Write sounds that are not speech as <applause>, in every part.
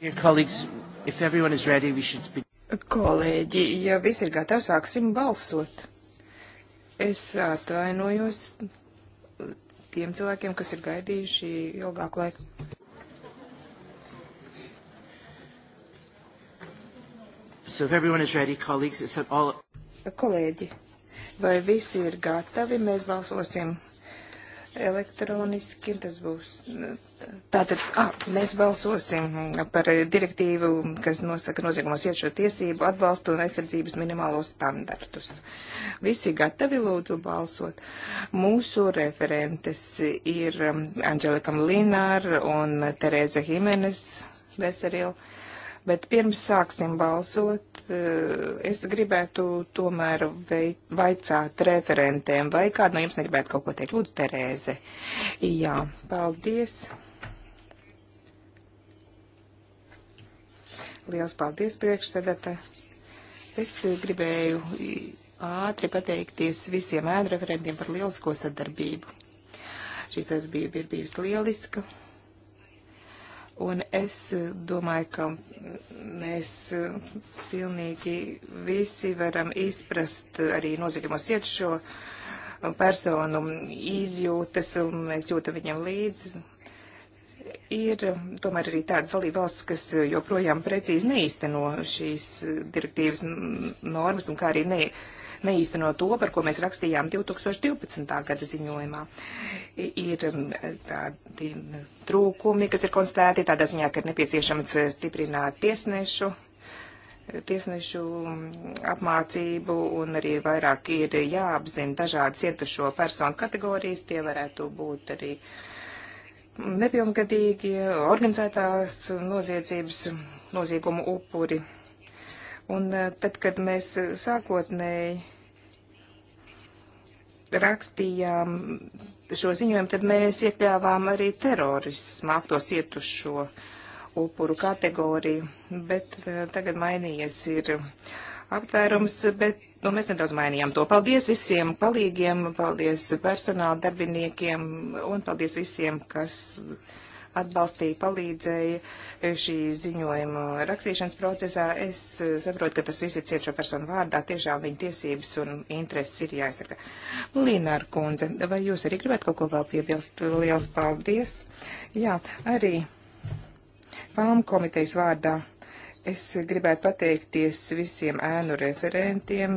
Ready, be... Kolēģi, ja viss ir gatavs, sāksim balsot. Es atvainojos tiem cilvēkiem, kas ir gaidījuši ilgāku laiku. So if everyone is ready, colleagues, it's all... Kolēģi, vai visi ir gatavi? Mēs balsosim elektroniski. Tas būs tātad, ah, mēs balsosim par direktīvu, kas nosaka noziegumos iečo tiesību atbalstu un aizsardzības minimālos standartus. Visi gatavi lūdzu balsot. Mūsu referentes ir um, Anģelika Lināra un Tereza Himenes Veserila. Bet pirms sāksim balsot, eh, es gribētu tomēr vaicāt referentiem, vai kādu no jums negribētu kaut ko teikt. Lūdzu, Terēze. Jā, paldies. Liels paldies priekšsēdētāji. Es gribēju ātri pateikties visiem ēdreferentiem par lielisko sadarbību. Šī sadarbība ir bijusi lieliska. Un es eh, domāju, ka mēs eh, pilnīgi visi varam izprast eh, arī noziegumos cietušo personu izjūtas, un mēs jūtam viņam līdzi ir tomēr arī tādas dalība valsts, kas joprojām precīzi neīsteno šīs direktīvas normas un kā arī ne, neīsteno to, par ko mēs rakstījām 2012. gada ziņojumā. Ir tādi trūkumi, kas ir konstatēti tādā ziņā, ka ir nepieciešams stiprināt tiesnešu tiesnešu apmācību un arī vairāk ir jāapzina dažādas ietušo personu kategorijas. Tie varētu būt arī uh, nepilngadīgie, organizētās noziedzības, noziegumu upuri. Un eh, tad, kad mēs sākotnēji rakstījām šo ziņojumu, tad mēs iekļāvām arī terorismu aktos cietušo upuru kategoriju, bet eh, tagad mainījies ir aptvērums, bet Un mēs nedaudz mainījām to. Paldies visiem palīgiem, paldies personāla darbiniekiem un paldies visiem, kas atbalstīja, palīdzēja šī ziņojuma rakstīšanas procesā. Es eh, saprotu, ka tas viss ir ciešo personu vārdā. Tiešām viņa tiesības un intereses ir jāaizsargā. Līnāra kundze, vai jūs arī gribētu kaut ko vēl piebilst? Liels paldies. Jā, arī palmu komitejas vārdā Es gribētu pateikties visiem ēnu referentiem,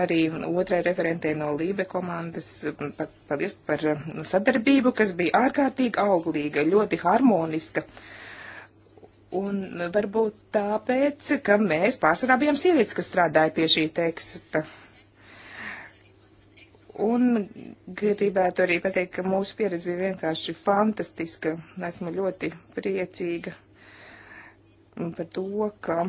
arī otrai referentē no Lībe komandas. Paldies par um, sadarbību, kas bija ārkārtīgi auglīga, ļoti harmoniska. Un varbūt tāpēc, ka mēs pārsvarā bijām sievietes, kas strādāja pie šī teksta. Un gribētu arī pateikt, ka mūsu pieredze bija vienkārši fantastiska. Esmu ļoti priecīga par to, ka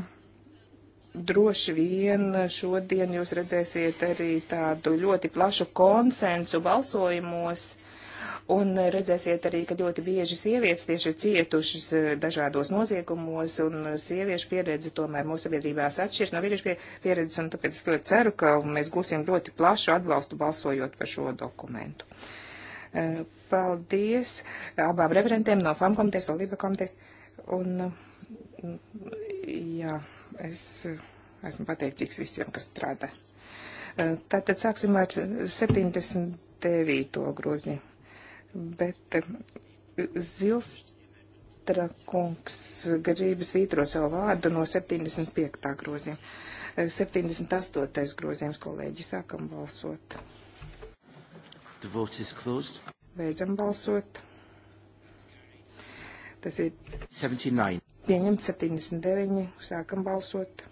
droši vien šodien jūs redzēsiet arī tādu ļoti plašu konsensu balsojumos. Un redzēsiet arī, ka ļoti bieži sievietes tieši ir cietušas eh, dažādos noziegumos, un sieviešu pieredze tomēr mūsu sabiedrībās atšķiras no vīriešu pieredzes, un tāpēc es ļoti ceru, ka mēs gūsim ļoti plašu atbalstu balsojot par šo dokumentu. Eh, paldies abām referentēm no FAM komitejas, Olība komitejas, un Jā, es esmu pateicīgs visiem, kas strādā. Tātad sāksim ar 79. grozi. Bet eh, Zilstra kungs grib svītro savu vārdu no 75. groziem. 78. grozījums, kolēģi, sākam balsot. The vote is closed. Beidzam balsot. Tas ir 79. Pieņemt 79. Sākam balsot.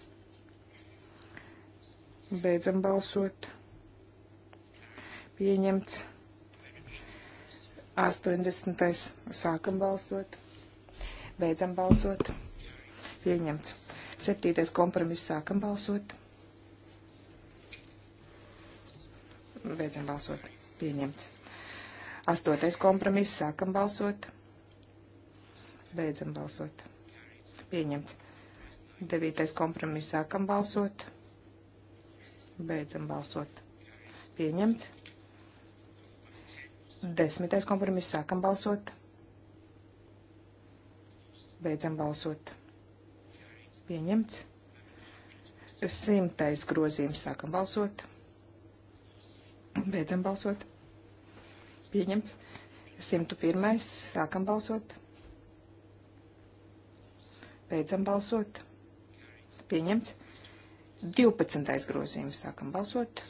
Beidzam balsot. Pieņemts 80. Sākam balsot. Beidzam balsot. Pieņemts. Septītais kompromiss. Sākam balsot. Beidzam balsot. Pieņemts. Astotais kompromiss. Sākam balsot. Beidzam balsot pieņemts. Devītais kompromiss sākam balsot, beidzam balsot, pieņemts. Desmitais kompromiss sākam balsot, beidzam balsot, pieņemts. Simtais grozījums sākam balsot, beidzam balsot, pieņemts. 101. sākam balsot, Beidzam balsot. Pieņemts. 12. grozījums. Sākam balsot.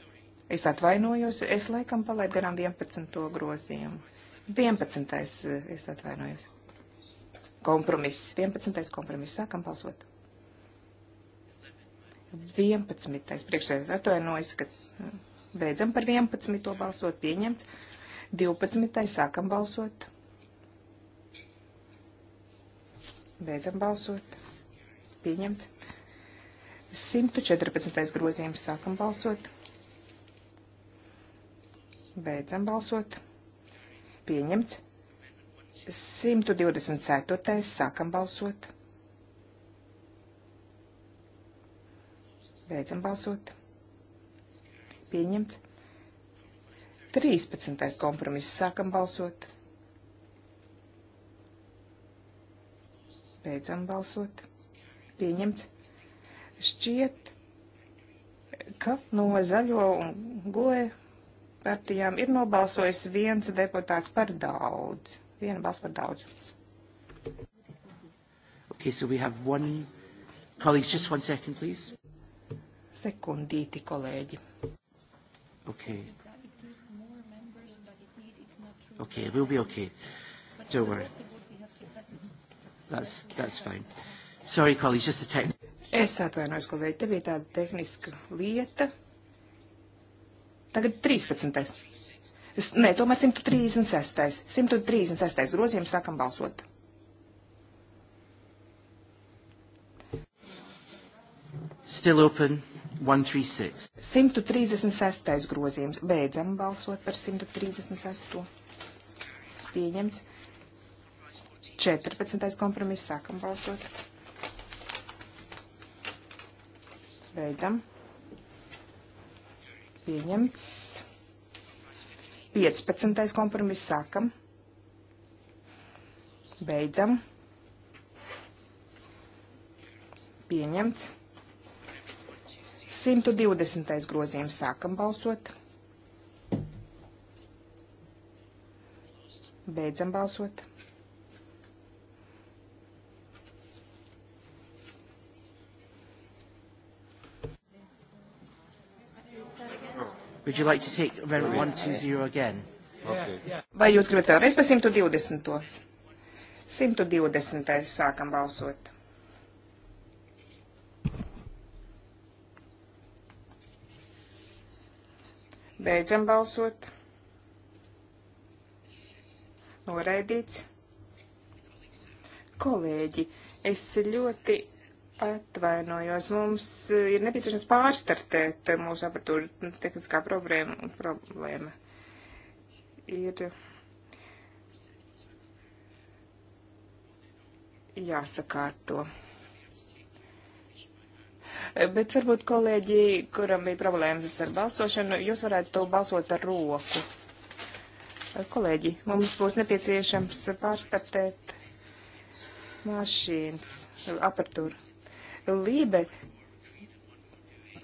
Es atvainojos. Es laikam palaidu garām 11. grozījumu. 11. Eh, es atvainojos. Kompromiss. 11. kompromiss. Sākam balsot. 11. priekšsēdētājs atvainojas, ka hm, beidzam par 11. balsot pieņemts. 12. sākam balsot. Beidzam balsot. Pieņemts. 114. grozījums. Sākam balsot. Beidzam balsot. Pieņemts. 124. Sākam balsot. Beidzam balsot. Pieņemts. 13. kompromiss. Sākam balsot. Beidzam balsot. Pieņemts. Šķiet, ka no zaļo un goja partijām ir nobalsojis viens deputāts par daudz. Viena balss par daudz. Okay, so we have one... Colleagues, just one second, please. Sekundīti, kolēģi. Okay. Okay, we'll be okay. Don't worry. That's, that's fine. Sorry, colleagues, just a technical. Es atvainojos, kolēģi, te bija tāda tehniska lieta. Tagad 13. Es, nē, tomēr 136. 136. grozījums sākam balsot. Still open. 136. 136. grozījums. Beidzam balsot par 136. Pieņemts. 14. kompromiss. Sākam balsot. Beidzam. Pieņemts. 15. kompromiss. Sākam. Beidzam. Pieņemts. 120. grozījums. Sākam balsot. Beidzam balsot. Would you like to take amendment 120 again? Okay. Vai jūs gribat vēlreiz par 120? To? 120. sākam balsot. Beidzam balsot. Noraidīts. Kolēģi, es ļoti Atvainojos, mums e, ir nepieciešams pārstartēt mūsu apatūru tehniskā problēma. problēma. Ir jāsakārto. Bet varbūt kolēģi, kuram bija problēmas ar balsošanu, jūs varētu balsot ar roku. Kolēģi, mums būs nepieciešams pārstartēt mašīnas apatūru. Lībe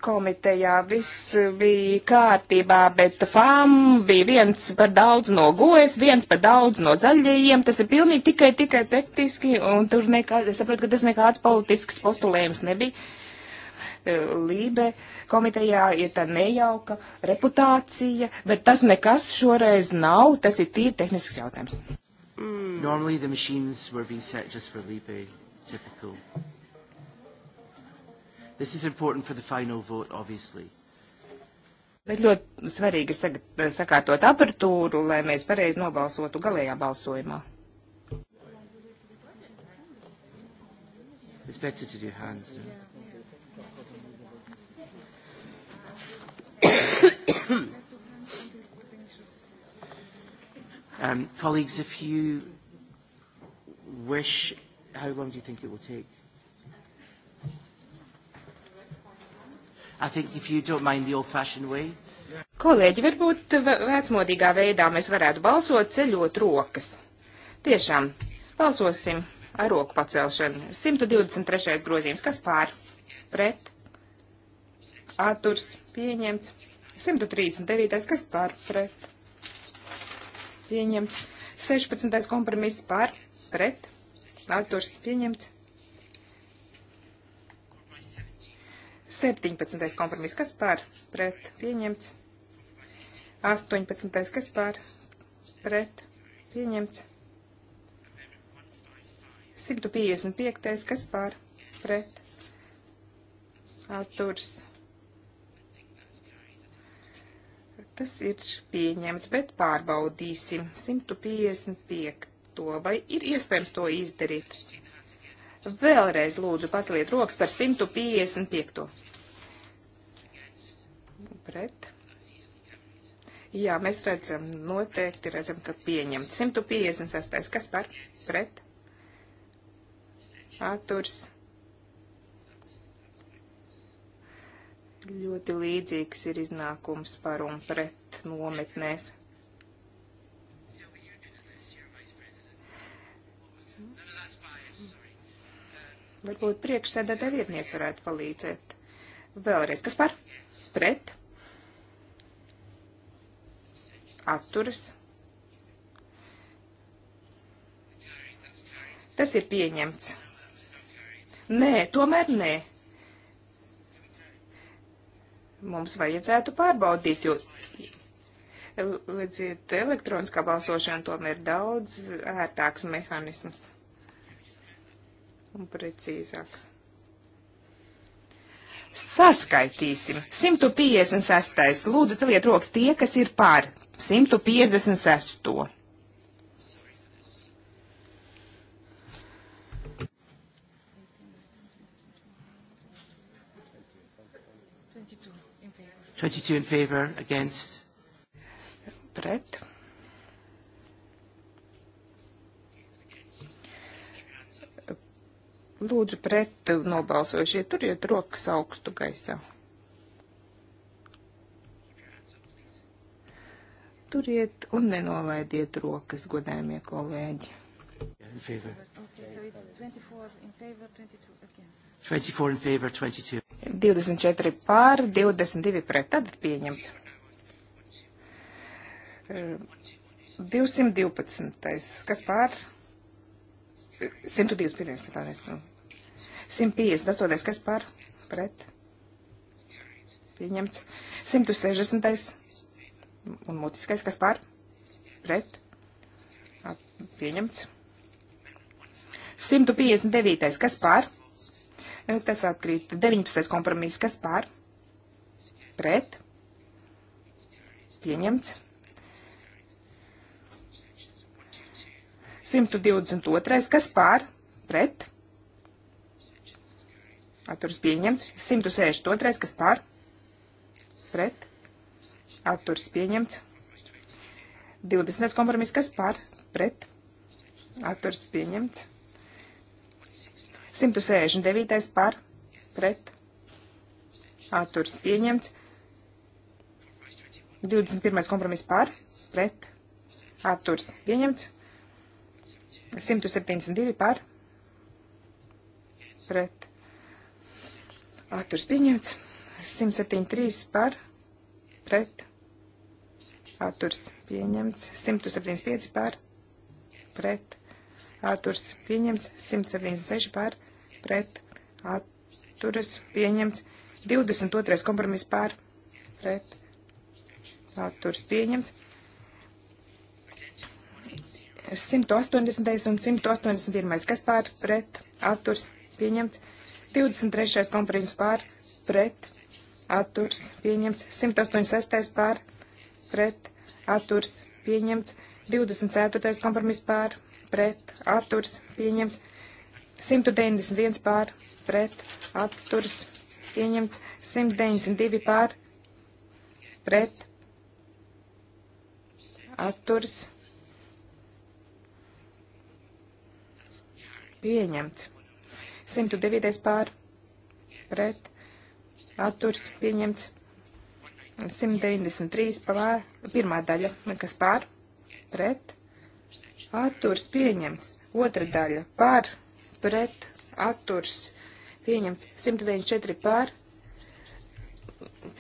komitejā viss bija kārtībā, bet FAM bija viens par daudz no gojas, viens par daudz no zaļajiem. Tas ir pilnīgi tikai, tikai tektiski, un tur nekā, es saprotu, ka tas nekāds politisks postulējums nebija. E, Lībe komitejā ir tā nejauka reputācija, bet tas nekas šoreiz nav, tas ir tīri tehnisks jautājums. Mm. Normally the machines were being set just for Lībe, typical. This is important for the final vote, obviously. Bet ļoti svarīgi sakārtot apertūru, lai mēs pareizi nobalsotu galējā balsojumā. It's better to do hands. No? <coughs> um, colleagues, if you wish, how long do you think it will take? I think if you don't mind the old-fashioned way. Kolēģi, varbūt vecmodīgā veidā mēs varētu balsot ceļot rokas. Tiešām, balsosim ar roku pacelšanu. 123. grozījums, kas pār? Pret? Atturs pieņemts. 139. kas pār? Pret? Pieņemts. 16. kompromiss pār? Pret? Atturs pieņemts. 17. kompromiss, kas par pret pieņemts. 18. kas par pret pieņemts. 155. kas par pret atturs. Tas ir pieņemts, bet pārbaudīsim 155. To, vai ir iespējams to izdarīt? Vēlreiz lūdzu paceliet rokas par 155. Pret. Jā, mēs redzam, noteikti redzam, ka pieņemt. 156. Kas par? Pret. Atturs. Ļoti līdzīgs ir iznākums par un pret nometnēs. Varbūt priekšsēdētāja vietniece varētu palīdzēt. Vēlreiz, kas par? Pret? Atturas? Tas ir pieņemts. Nē, tomēr nē. Mums vajadzētu pārbaudīt, jo redziet, elektroniskā balsošana tomēr ir daudz ērtāks mehānisms un precīzāks. Saskaitīsim. 156. Lūdzu, celiet rokas tie, kas ir pār 156. Twenty-two in favor, against. Pret. Lūdzu, pret nobalsojušie, turiet rokas augstu gaisā. Turiet un nenolaidiet rokas, godējumie kolēģi. 24 pār, 22 pret, tad pieņemts. 212. Ehm, Kas pār? 121. Tātad, nu. 158. Kas par? Pret. Pieņemts. 160. Un mutiskais. Kas par? Pret. Pieņemts. 159. Kas par? E, tas atkrīt. 19. kompromiss. Kas par? Pret. Pieņemts. 122. Kas pār? Pret. Atturs pieņemts. 162. Kas pār? Pret. Atturs pieņemts. 20. kompromiss. Kas pār? Pret. Atturs pieņemts. 169. par. Pret. Atturs pieņemts. 21. kompromiss par. Pret. Atturs pieņemts. 172 par pret atturs pieņemts, 173 par pret atturs pieņemts, 175 par pret atturs pieņemts, 176 par pret atturs pieņemts, 22. kompromiss par pret atturs pieņemts. 180. un 181. kas pār pret atturs pieņemts. 23. kompromiss pār pret atturs pieņemts. 186. pār pret atturs pieņemts. 24. kompromiss pār pret atturs pieņemts. 191 pār pret atturs pieņemts. 192 pār pret atturs pieņemts pieņemts. 109. pār pret atturs pieņemts. 193. pār pirmā daļa, kas pār pret atturs pieņemts. Otra daļa pār pret atturs pieņemts. 194 pār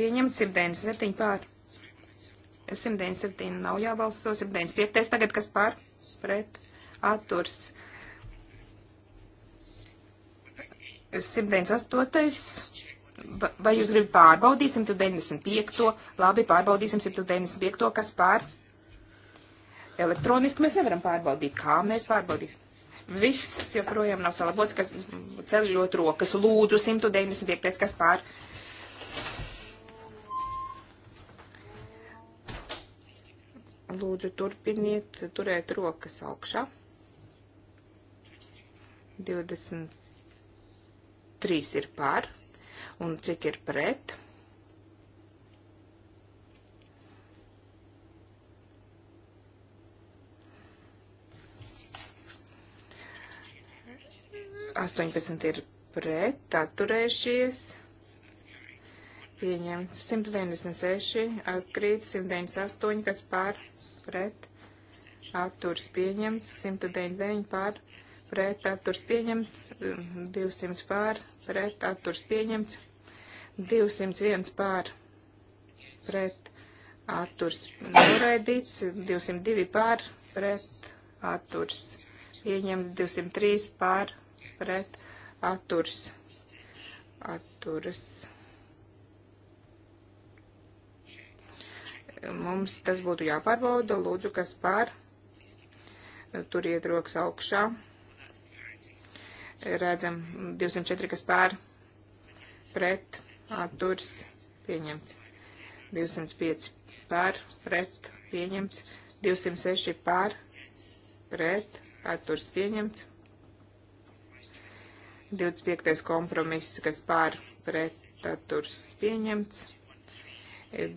pieņemts. 197 pār 197 nav jābalso, 195 tagad, kas pār pret atturs pieņemts 198. Vai jūs gribat pārbaudīt 195. Labi, pārbaudīsim 195. kas pār. Elektroniski mēs nevaram pārbaudīt. Kā mēs pārbaudīsim? Viss joprojām nav salabots, kas ceļot rokas. Lūdzu, 195. kas pār. Lūdzu, turpiniet turēt rokas augšā. 20. 3 ir par un cik ir pret. Astoņpadsmit ir pret, atturējušies. Pieņemts 196, atkrīt 198, kas pār pret, atturs pieņemts 199 pār pret pret atturs pieņemts, 200 pār, pret atturs pieņemts, 201 pār, pret atturs noraidīts, 202 pār, pret atturs pieņemts, 203 pār, pret atturs, atturs. Mums tas būtu jāpārbauda, lūdzu, kas pār, tur iet rokas augšā redzam 204, kas pār pret atturs pieņemts. 205 pār pret pieņemts. 206 pār pret atturs pieņemts. 25. kompromiss, kas pār pret atturs pieņemts.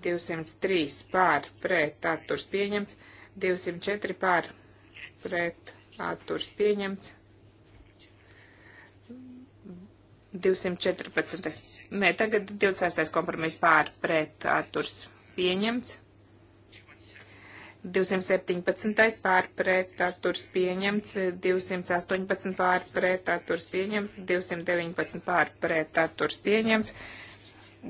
203 pār pret atturs pieņemts. 204 pār pret atturs pieņemts. 214. Nē, tagad 26. kompromiss pār pret atturs pieņemts. 217 pārpretaturs pieņemts, 218 pārpretaturs pieņemts, 219 pārpretaturs pieņemts,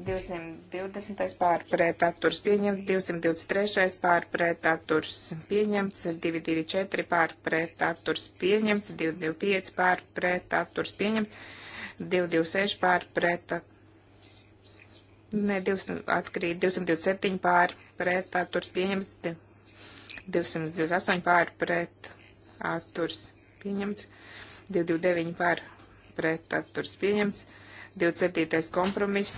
220 pārpretaturs pieņemts, 223 pārpretaturs pieņemts, 224 pārpretaturs pieņemts, 225 pārpretaturs pieņemts. 226 pār pret, ne, 200, atkrīt, 227 pār pret, atturs pieņemts, 228 pār pret, atturs pieņemts, 229 pār pret, atturs pieņemts, 27. kompromiss.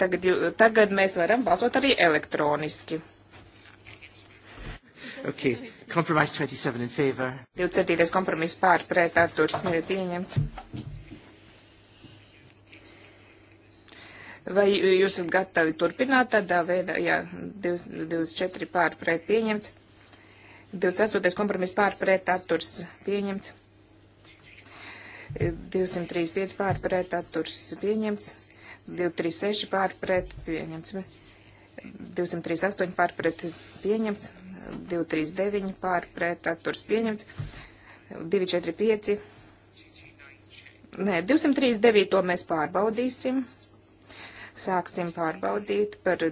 Tagad, tagad mēs varam balsot arī elektroniski. Okay. Compromise 27 in favor. 27. kompromiss pār pret atturs pieņemts. Vai jūs esat gatavi turpināt tādā veidā? Jā, 24 pār pret pieņemts. 28. kompromiss pār pret atturs pieņemts. 235 pār pret atturs pieņemts. 236 pār pret pieņemts. 238 pārpret pieņemts, 239 pārpret atturs pieņemts, 245, nē, 239 to mēs pārbaudīsim, sāksim pārbaudīt par,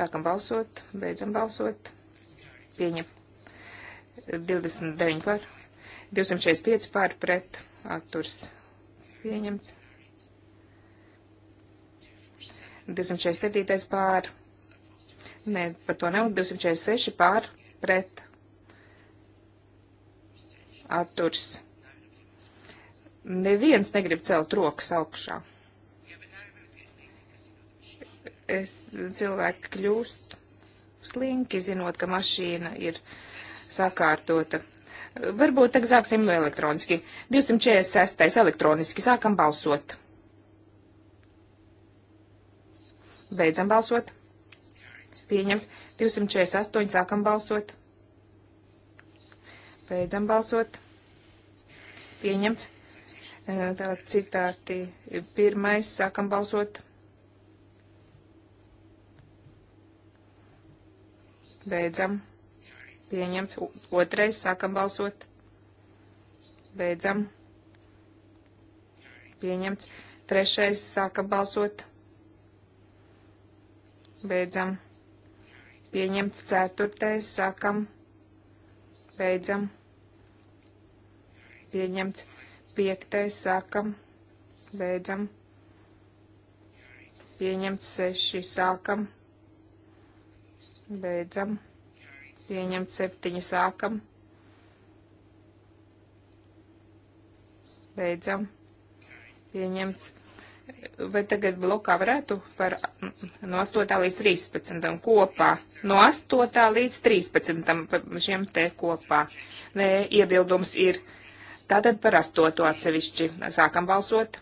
sākam balsot, beidzam balsot, pieņemt, 29 pār, 245 pārpret atturs pieņemts. 247. pār. Nē, par to nav. 246 pār pret atturs. Neviens negrib celt rokas augšā. Es cilvēki kļūst slinki, zinot, ka mašīna ir sakārtota. Varbūt tagad sāksim elektroniski. 246. elektroniski sākam balsot. Beidzam balsot. Pieņemts. 248. Sākam balsot. Beidzam balsot. Pieņemts. Tā citāti. Pirmais. Sākam balsot. Beidzam. Pieņemts. Otrais. Sākam balsot. Beidzam. Pieņemts. Trešais. Sākam balsot. Beidzam beidzam, pieņemts ceturtais, sākam, beidzam, pieņemts piektais, sākam, beidzam, pieņemts seši, sākam, beidzam, pieņemts septiņi, sākam, beidzam, pieņemts vai tagad blokā varētu par mm, no 8. līdz 13. kopā, no 8. līdz 13. šiem te kopā. Nē, iebildums ir tātad par 8. atsevišķi. Sākam balsot.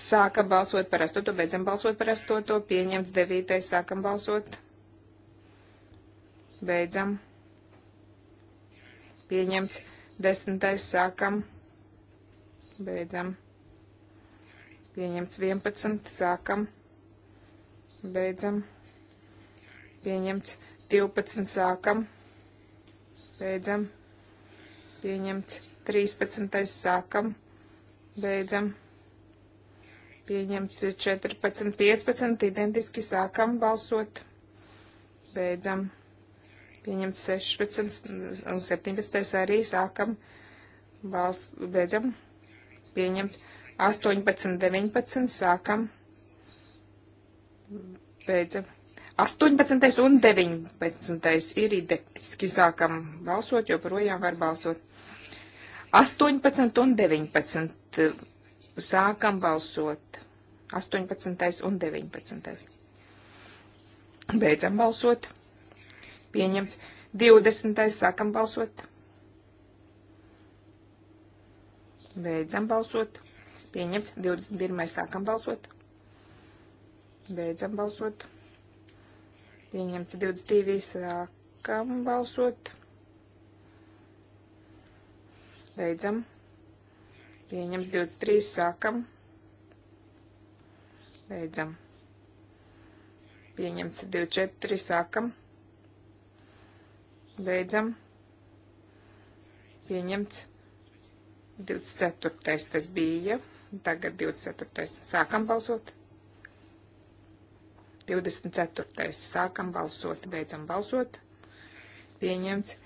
Sākam balsot par 8. beidzam balsot par 8. pieņemts 9. sākam balsot. Beidzam. Pieņemts 10. sākam balsot beidzam. Pieņemts 11, sākam, beidzam. Pieņemts 12, sākam, beidzam. Pieņemts 13, sākam, beidzam. Pieņemts 14, 15, identiski sākam balsot, beidzam. Pieņemts 16 un 17 arī sākam balsot, beidzam pieņemts. 18, 19, sākam, beidzam. 18. un 19. ir identiski. Sākam balsot, joprojām var balsot. 18 un 19. Sākam balsot. 18. un 19. Beidzam balsot. Pieņemts. 20. sākam balsot. Beidzam balsot. Pieņemts. 21. Sākam balsot. Beidzam balsot. Pieņemts. 22. Sākam balsot. Beidzam. Pieņemts. 23. Sākam. Beidzam. Pieņemts. 24. Sākam. Beidzam. Pieņemts. 24. tas bija, tagad 24. sākam balsot. 24. sākam balsot, beidzam balsot. Pieņemts.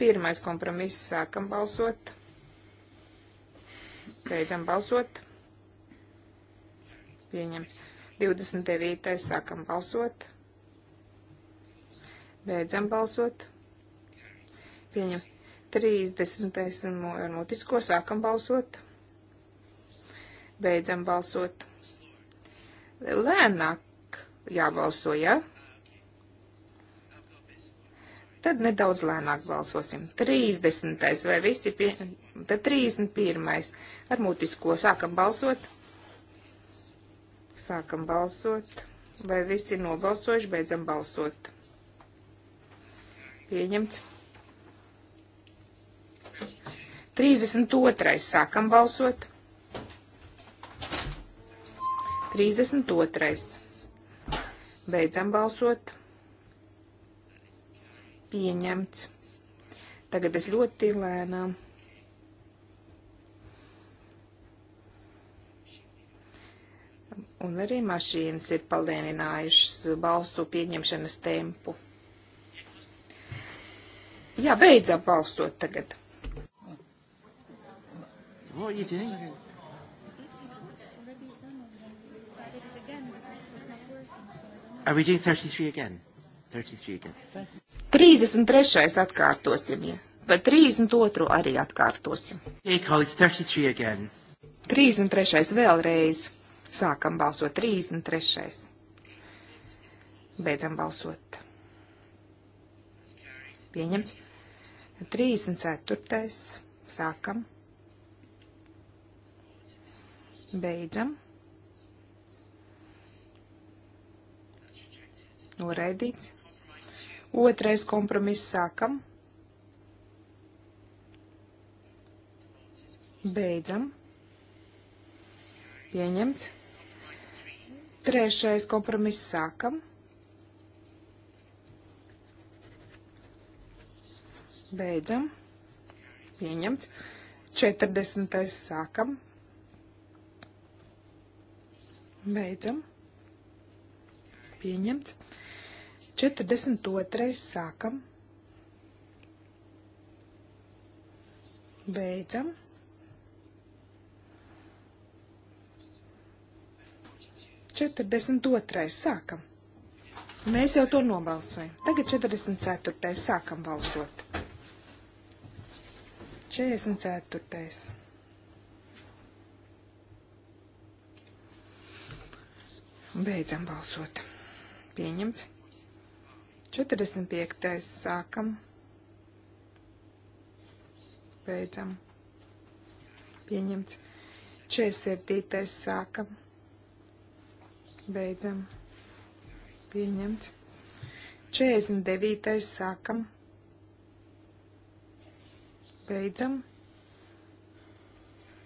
Pirmais kompromiss sākam balsot. Beidzam balsot. Pieņemts. 29. sākam balsot. Beidzam balsot. Pieņemts. 30. ar mutisko sākam balsot. Beidzam balsot. Lēnāk jābalso, ja? Tad nedaudz lēnāk balsosim. 30. vai visi pie... Tad 31. ar mutisko sākam balsot. Sākam balsot. Vai visi nobalsojuši, beidzam balsot. Pieņemts. 32. Sākam balsot. 32. Beidzam balsot. Pieņemts. Tagad es ļoti lēnām. Un arī mašīnas ir palēninājušas balsu pieņemšanas tempu. Jā, beidzam balsot tagad. What are you doing? It it are we doing 33 again? 33 again. 33. atkārtosim, ja. Bet 32. arī atkārtosim. Hey, colleagues, 33 again. 33. vēlreiz. Sākam balsot 33. Beidzam balsot. Pieņemts. 34. Sākam. Beidzam. Noraidīts. Otrais kompromiss sākam. Beidzam. Pieņemts. Trešais kompromiss sākam. Beidzam. Pieņemts. 40. sākam. Beidzam. Pieņemts. 42. sākam. Beidzam. Četrdesmit otrais sākam. Mēs jau to nobalsojam. Tagad 44. sākam balsot. 44. Beidzam balsot. Pieņemts. 45. sākam. Beidzam. Pieņemts. 47. sākam. Beidzam. Pieņemts. 49. sākam. Beidzam.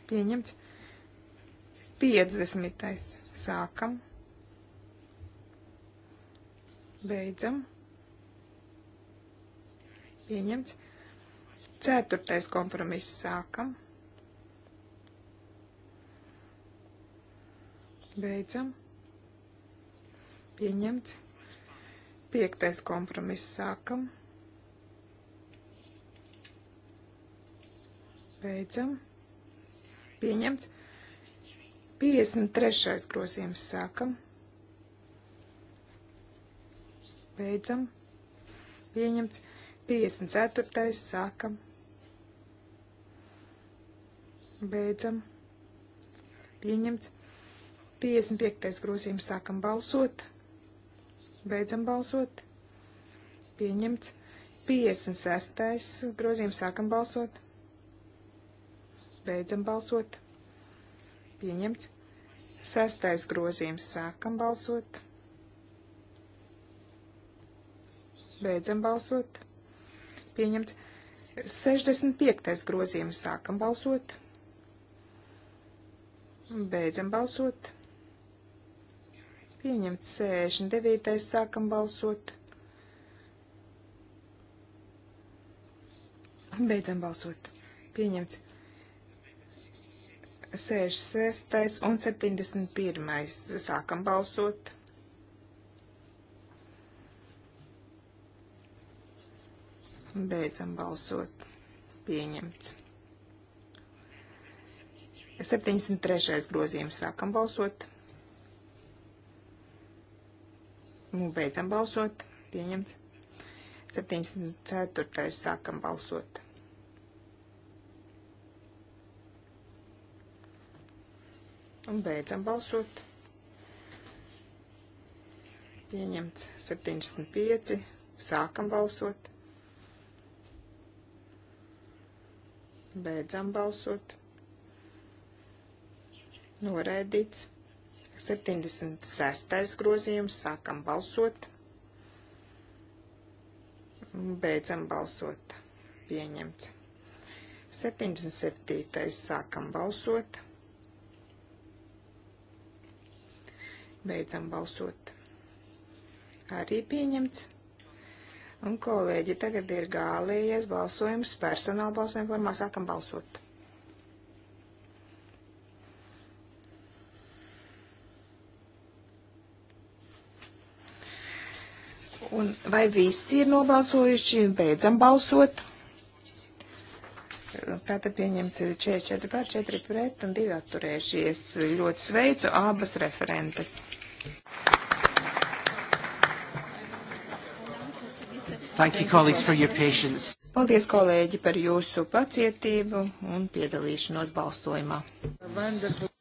Pieņemts. 50. sākam. Beidzam. Pieņemts. Ceturtais kompromiss sākam. Beidzam. Pieņemts. Piektais kompromiss sākam. Beidzam. Pieņemts. 53. grozījums sākam. Beidzam. Pieņemts. 54. Sākam. Beidzam. Pieņemts. 55. grozījums sākam balsot. Beidzam balsot. Pieņemts. 56. grozījums sākam balsot. Beidzam balsot. Pieņemts. 6. grozījums sākam balsot. Beidzam balsot. Pieņemts. 65. grozījums. Sākam balsot. Beidzam balsot. Pieņemts. 69. Sākam balsot. Beidzam balsot. Pieņemts. 66. un 71. Sākam balsot. Beidzam balsot. Pieņemts. 73. grozījums sākam balsot. Nu, beidzam balsot. Pieņemts. 74. sākam balsot. Un beidzam balsot. Pieņemts 75. Sākam balsot. Beidzam balsot. Noraidīts. 76. grozījums. Sākam balsot. Beidzam balsot. Pieņemts. 77. sākam balsot. Beidzam balsot. Arī pieņemts. Un, kolēģi, tagad ir gālējies balsojums personāla balsojuma formā. Sākam balsot. Un vai visi ir nobalsojuši? Beidzam balsot. Tātad pieņemts ir 4, 4 pār 4 pret un 2 atturējušies. Ļoti sveicu abas referentes. Thank you, colleagues, for your patience. Paldies, kolēģi, par jūsu pacietību un piedalīšanos balsojumā. Wonderful.